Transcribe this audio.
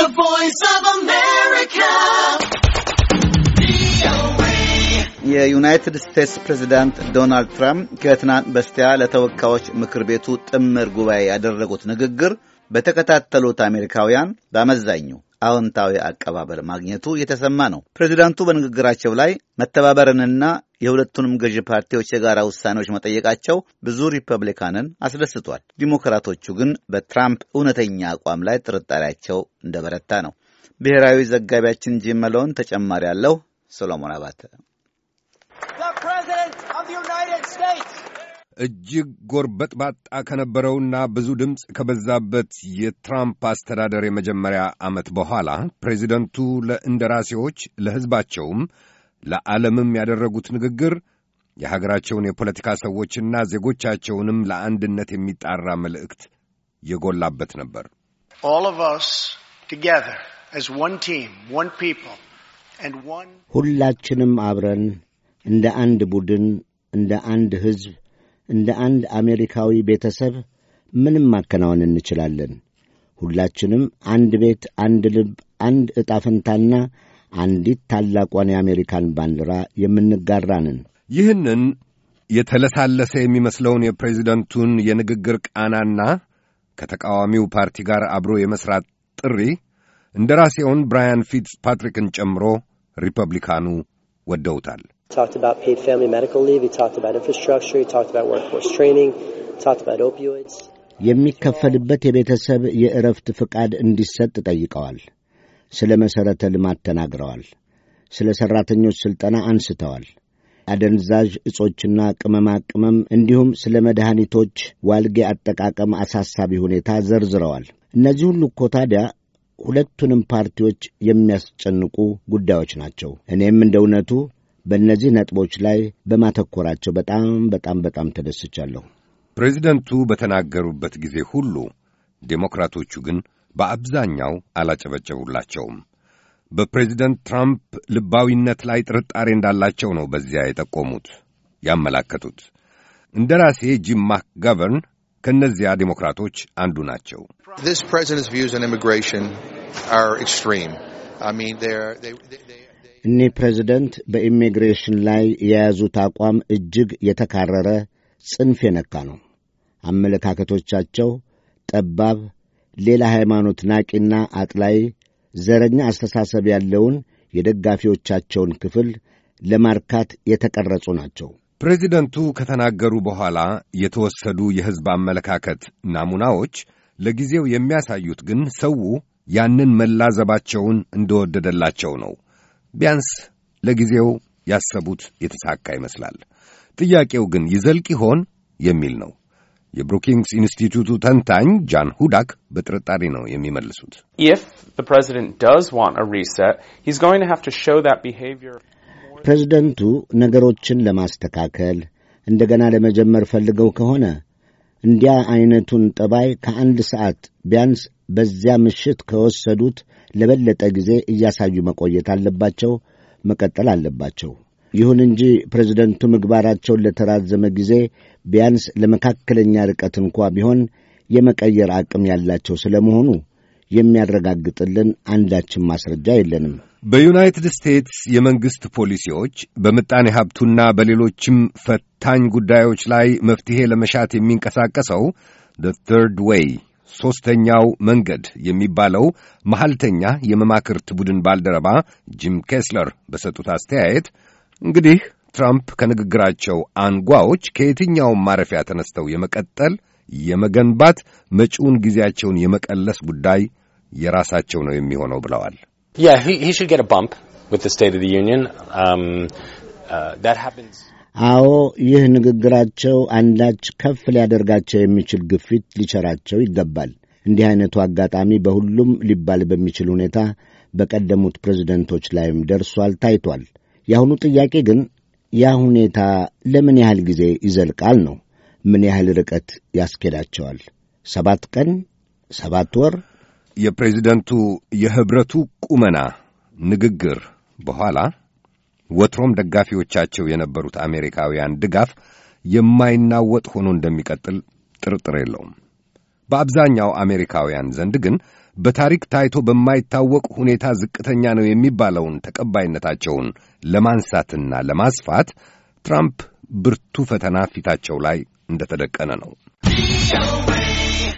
The Voice of America. የዩናይትድ ስቴትስ ፕሬዝዳንት ዶናልድ ትራምፕ ከትናንት በስቲያ ለተወካዮች ምክር ቤቱ ጥምር ጉባኤ ያደረጉት ንግግር በተከታተሉት አሜሪካውያን በአመዛኙ አዎንታዊ አቀባበል ማግኘቱ የተሰማ ነው። ፕሬዝዳንቱ በንግግራቸው ላይ መተባበርንና የሁለቱንም ገዢ ፓርቲዎች የጋራ ውሳኔዎች መጠየቃቸው ብዙ ሪፐብሊካንን አስደስቷል። ዲሞክራቶቹ ግን በትራምፕ እውነተኛ አቋም ላይ ጥርጣሬያቸው እንደበረታ ነው። ብሔራዊ ዘጋቢያችን ጂም መለውን ተጨማሪ ያለው ሰሎሞን አባተ እጅግ ጎርበጥባጣ ከነበረውና ብዙ ድምፅ ከበዛበት የትራምፕ አስተዳደር የመጀመሪያ ዓመት በኋላ ፕሬዚደንቱ ለእንደራሴዎች ለሕዝባቸውም ለዓለምም ያደረጉት ንግግር የሀገራቸውን የፖለቲካ ሰዎችና ዜጎቻቸውንም ለአንድነት የሚጣራ መልእክት የጎላበት ነበር። ሁላችንም አብረን እንደ አንድ ቡድን፣ እንደ አንድ ሕዝብ፣ እንደ አንድ አሜሪካዊ ቤተሰብ ምንም ማከናወን እንችላለን። ሁላችንም አንድ ቤት፣ አንድ ልብ፣ አንድ ዕጣ ፈንታና አንዲት ታላቋን የአሜሪካን ባንዲራ የምንጋራንን ይህንን የተለሳለሰ የሚመስለውን የፕሬዚደንቱን የንግግር ቃናና ከተቃዋሚው ፓርቲ ጋር አብሮ የመሥራት ጥሪ ራሴውን ብራያን ፊትስ ፓትሪክን ጨምሮ ሪፐብሊካኑ ወደውታል። የሚከፈልበት የቤተሰብ የዕረፍት ፍቃድ እንዲሰጥ ጠይቀዋል። ስለ መሠረተ ልማት ተናግረዋል። ስለ ሠራተኞች ሥልጠና አንስተዋል። አደንዛዥ እጾችና ቅመማ ቅመም እንዲሁም ስለ መድኃኒቶች ዋልጌ አጠቃቀም አሳሳቢ ሁኔታ ዘርዝረዋል። እነዚህ ሁሉ እኮ ታዲያ ሁለቱንም ፓርቲዎች የሚያስጨንቁ ጉዳዮች ናቸው። እኔም እንደ እውነቱ በእነዚህ ነጥቦች ላይ በማተኮራቸው በጣም በጣም በጣም ተደስቻለሁ። ፕሬዚደንቱ በተናገሩበት ጊዜ ሁሉ ዴሞክራቶቹ ግን በአብዛኛው አላጨበጨቡላቸውም። በፕሬዚደንት ትራምፕ ልባዊነት ላይ ጥርጣሬ እንዳላቸው ነው በዚያ የጠቆሙት ያመላከቱት። እንደራሴ ጂም ማክጋቨርን ከእነዚያ ዴሞክራቶች አንዱ ናቸው። እኒህ ፕሬዚደንት በኢሚግሬሽን ላይ የያዙት አቋም እጅግ የተካረረ ጽንፍ የነካ ነው። አመለካከቶቻቸው ጠባብ ሌላ ሃይማኖት ናቂና አጥላይ ዘረኛ አስተሳሰብ ያለውን የደጋፊዎቻቸውን ክፍል ለማርካት የተቀረጹ ናቸው። ፕሬዚደንቱ ከተናገሩ በኋላ የተወሰዱ የሕዝብ አመለካከት ናሙናዎች ለጊዜው የሚያሳዩት ግን ሰው ያንን መላዘባቸውን እንደወደደላቸው ነው። ቢያንስ ለጊዜው ያሰቡት የተሳካ ይመስላል። ጥያቄው ግን ይዘልቅ ይሆን የሚል ነው። የብሩኪንግስ ኢንስቲትዩቱ ተንታኝ ጃን ሁዳክ በጥርጣሬ ነው የሚመልሱት። ፕሬዚደንቱ ነገሮችን ለማስተካከል እንደገና ለመጀመር ፈልገው ከሆነ እንዲያ ዐይነቱን ጠባይ ከአንድ ሰዓት ቢያንስ በዚያ ምሽት ከወሰዱት ለበለጠ ጊዜ እያሳዩ መቆየት አለባቸው፣ መቀጠል አለባቸው። ይሁን እንጂ ፕሬዚደንቱ ምግባራቸውን ለተራዘመ ጊዜ ቢያንስ ለመካከለኛ ርቀት እንኳ ቢሆን የመቀየር አቅም ያላቸው ስለመሆኑ የሚያረጋግጥልን አንዳችም ማስረጃ የለንም። በዩናይትድ ስቴትስ የመንግሥት ፖሊሲዎች በምጣኔ ሀብቱና በሌሎችም ፈታኝ ጉዳዮች ላይ መፍትሔ ለመሻት የሚንቀሳቀሰው ዘ ትርድ ዌይ ሦስተኛው መንገድ የሚባለው መሐልተኛ የመማክርት ቡድን ባልደረባ ጂም ኬስለር በሰጡት አስተያየት እንግዲህ ትራምፕ ከንግግራቸው አንጓዎች ከየትኛውም ማረፊያ ተነስተው የመቀጠል፣ የመገንባት፣ መጪውን ጊዜያቸውን የመቀለስ ጉዳይ የራሳቸው ነው የሚሆነው ብለዋል። um, uh, አዎ ይህ ንግግራቸው አንዳች ከፍ ሊያደርጋቸው የሚችል ግፊት ሊቸራቸው ይገባል። እንዲህ አይነቱ አጋጣሚ በሁሉም ሊባል በሚችል ሁኔታ በቀደሙት ፕሬዝደንቶች ላይም ደርሷል፣ ታይቷል። የአሁኑ ጥያቄ ግን ያ ሁኔታ ለምን ያህል ጊዜ ይዘልቃል ነው። ምን ያህል ርቀት ያስኬዳቸዋል? ሰባት ቀን፣ ሰባት ወር? የፕሬዚደንቱ የኅብረቱ ቁመና ንግግር በኋላ ወትሮም ደጋፊዎቻቸው የነበሩት አሜሪካውያን ድጋፍ የማይናወጥ ሆኖ እንደሚቀጥል ጥርጥር የለውም። በአብዛኛው አሜሪካውያን ዘንድ ግን በታሪክ ታይቶ በማይታወቅ ሁኔታ ዝቅተኛ ነው የሚባለውን ተቀባይነታቸውን ለማንሳትና ለማስፋት ትራምፕ ብርቱ ፈተና ፊታቸው ላይ እንደተደቀነ ነው።